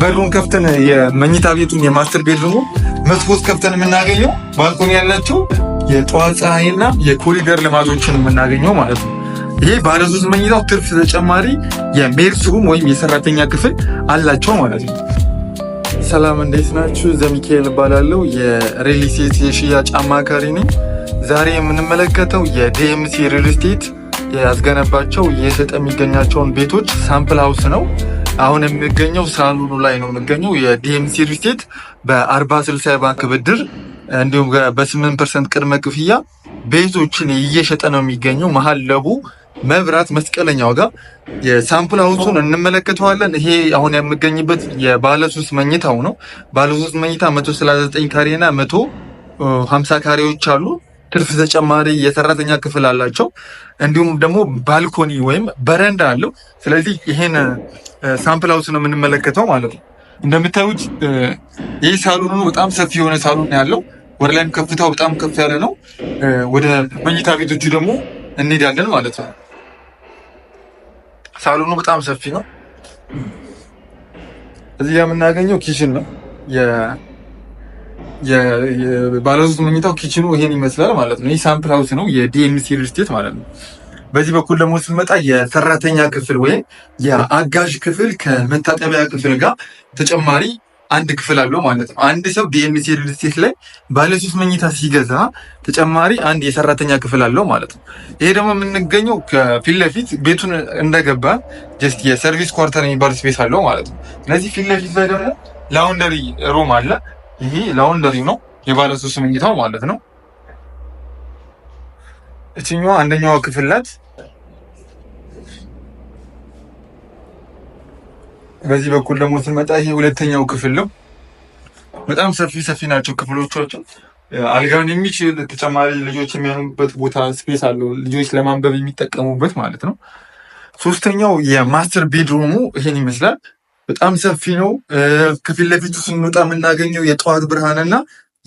በሩን ከፍተን የመኝታ ቤቱን የማስተር ቤድሩሙ መስኮት ከፍተን የምናገኘው ባልኮን ያላቸው የጠዋት ፀሐይና የኮሪደር ልማቶችን የምናገኘው ማለት ነው። ይሄ ባለሶስት መኝታው ትርፍ ተጨማሪ የሜርስ ሩም ወይም የሰራተኛ ክፍል አላቸው ማለት ነው። ሰላም እንዴት ናችሁ? ዘሚካኤል እባላለሁ። የሪል ስቴት የሽያጭ አማካሪ ነኝ። ዛሬ የምንመለከተው የዲኤምሲ ሪል ስቴት ያስገነባቸው እየሸጠ የሚገኛቸውን ቤቶች ሳምፕል ሀውስ ነው። አሁን የሚገኘው ሳሎኑ ላይ ነው የሚገኘው። የዲኤምሲ ሪስቴት በአርባ ስልሳ ባንክ ብድር እንዲሁም በስምንት ፐርሰንት ቅድመ ክፍያ ቤቶችን እየሸጠ ነው የሚገኘው። መሀል ለቡ መብራት መስቀለኛ ዋጋ የሳምፕል ሀውሱን እንመለከተዋለን። ይሄ አሁን የሚገኝበት የባለሶስት መኝታው ነው። ባለሶስት መኝታ መቶ ሰላሳ ዘጠኝ ካሬና መቶ ሀምሳ ካሬዎች አሉ። ትርፍ ተጨማሪ የሰራተኛ ክፍል አላቸው። እንዲሁም ደግሞ ባልኮኒ ወይም በረንዳ አለው። ስለዚህ ይሄን ሳምፕል ሀውስ ነው የምንመለከተው ማለት ነው። እንደምታዩት ይህ ሳሎኑ በጣም ሰፊ የሆነ ሳሎን ያለው ወደ ላይም ከፍታው በጣም ከፍ ያለ ነው። ወደ መኝታ ቤቶቹ ደግሞ እንሄዳለን ማለት ነው። ሳሎኑ በጣም ሰፊ ነው። እዚህ የምናገኘው ኪችን ነው። ባለሶስት መኝታው ኪችኑ ይሄን ይመስላል ማለት ነው። ይህ ሳምፕል ሀውስ ነው የዲኤምሲ ሪል ስቴት ማለት ነው። በዚህ በኩል ደግሞ ስንመጣ የሰራተኛ ክፍል ወይም የአጋዥ ክፍል ከመታጠቢያ ክፍል ጋር ተጨማሪ አንድ ክፍል አለው ማለት ነው። አንድ ሰው ዲኤምሲ ሪል ስቴት ላይ ባለሶስት መኝታ ሲገዛ ተጨማሪ አንድ የሰራተኛ ክፍል አለው ማለት ነው። ይሄ ደግሞ የምንገኘው ከፊት ለፊት ቤቱን እንደገባ ጀስት የሰርቪስ ኳርተር የሚባል ስፔስ አለው ማለት ነው። ስለዚህ ፊት ለፊት ላይ ደግሞ ላውንደሪ ሩም አለ። ይሄ ላውንደሪ ነው የባለ ሶስት መኝታው ማለት ነው። እችኛዋ አንደኛው ክፍል ናት። በዚህ በኩል ደግሞ ስንመጣ ይሄ ሁለተኛው ክፍል ነው። በጣም ሰፊ ሰፊ ናቸው ክፍሎቻቸው። አልጋን የሚችል ተጨማሪ ልጆች የሚያኑበት ቦታ ስፔስ አለው፣ ልጆች ለማንበብ የሚጠቀሙበት ማለት ነው። ሶስተኛው የማስተር ቤድሩሙ ይሄን ይመስላል። በጣም ሰፊ ነው። ከፊት ለፊቱ ስንወጣ የምናገኘው የጠዋት ብርሃንና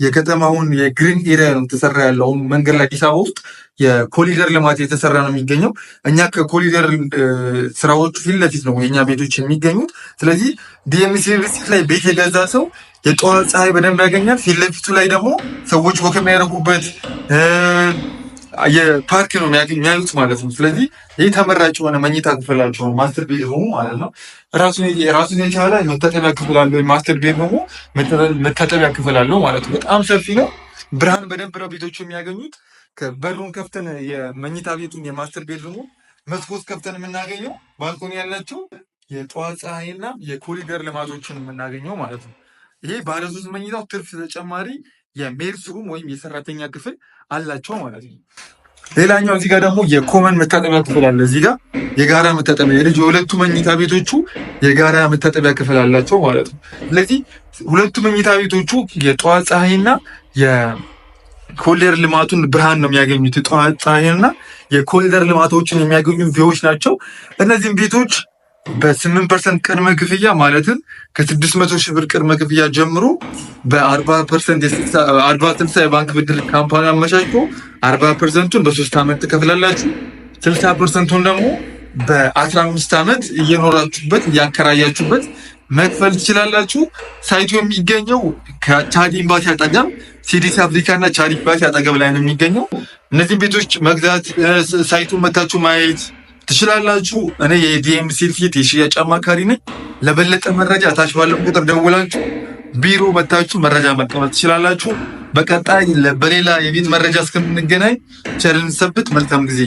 የከተማውን የግሪን ኤሪያ ነው የተሰራ ያለው መንገድ ላይ አዲስ አበባ ውስጥ የኮሊደር ልማት የተሰራ ነው የሚገኘው። እኛ ከኮሊደር ስራዎቹ ፊት ለፊት ነው የኛ ቤቶች የሚገኙት። ስለዚህ ዲኤምሲ ሪልስቴት ላይ ቤት የገዛ ሰው የጠዋት ፀሐይ በደንብ ያገኛል። ፊት ለፊቱ ላይ ደግሞ ሰዎች ወክ የሚያደርጉበት የፓርክ ነው የሚያዩት ማለት ነው። ስለዚህ ይህ ተመራጭ የሆነ መኝታ ክፍል ክፍላቸው ማስተር ቤድ ሆሙ ማለት ነው። ራሱን የቻለ መታጠቢያ ክፍል አለው። ማስተር ቤድ ሆሙ መታጠቢያ ክፍል አለው ማለት ነው። በጣም ሰፊ ነው። ብርሃን በደንብ ነው ቤቶቹ የሚያገኙት። በሩን ከፍተን የመኝታ ቤቱን የማስተር ቤድ ሆሙ መስኮት ከፍተን የምናገኘው ባልኮኒ ያላቸው የጠዋት ፀሐይና የኮሪደር ልማቶችን የምናገኘው ማለት ነው። ይሄ ባለሶስት መኝታው ትርፍ ተጨማሪ የሜርሱም ወይም የሰራተኛ ክፍል አላቸው ማለት ነው። ሌላኛው እዚህ ጋር ደግሞ የኮመን መታጠቢያ ክፍል አለ። እዚህ ጋር የጋራ መታጠቢያ የልጅ የሁለቱ መኝታ ቤቶቹ የጋራ መታጠቢያ ክፍል አላቸው ማለት ነው። ስለዚህ ሁለቱ መኝታ ቤቶቹ የጠዋት ፀሐይና የኮሪደር ልማቱን ብርሃን ነው የሚያገኙት። የጠዋት ፀሐይና የኮሊደር ልማቶችን የሚያገኙ ቪዎች ናቸው። እነዚህም ቤቶች በስምንት ፐርሰንት ቅድመ ክፍያ ማለትም ከስድስት መቶ ሺህ ብር ቅድመ ክፍያ ጀምሮ በአርባ ፐርሰንት አርባ ስልሳ የባንክ ብድር ካምፓኒ አመቻችቶ አርባ ፐርሰንቱን በሶስት ዓመት ትከፍላላችሁ። ስልሳ ፐርሰንቱን ደግሞ በአስራ አምስት ዓመት እየኖራችሁበት እያከራያችሁበት መክፈል ትችላላችሁ። ሳይቱ የሚገኘው ከቻድ ኤምባሲ አጠገብ ሲዲስ አፍሪካ እና ቻድ ኤምባሲ አጠገብ ላይ ነው የሚገኘው። እነዚህ ቤቶች መግዛት ሳይቱን መታችሁ ማየት ትችላላችሁ። እኔ የዲኤምሲ ኤልፊት የሽያጭ አማካሪ ነኝ። ለበለጠ መረጃ ታች ባለው ቁጥር ደውላችሁ ቢሮ መታችሁ መረጃ መቀበል ትችላላችሁ። በቀጣይ በሌላ የቤት መረጃ እስከምንገናኝ ቸር እንሰንብት። መልካም ጊዜ